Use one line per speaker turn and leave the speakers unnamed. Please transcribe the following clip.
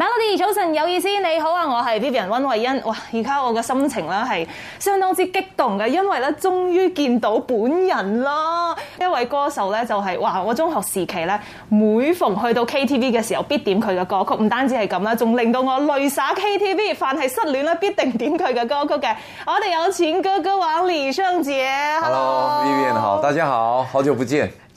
hello，早晨有意思，你好啊，我係 Vivian 溫慧欣，哇，而家我嘅心情咧係相當之激動嘅，因為咧終於見到本人啦，一位歌手咧就係、是、哇，我中學時期咧每逢去到 K T V 嘅時候必點佢嘅歌曲，唔單止係咁啦，仲令到我淚灑 K T V，凡係失戀啦必定點佢嘅歌曲嘅，我哋有錢哥哥王李聖傑，hello，Vivian
hello，好，大家好，好久不見。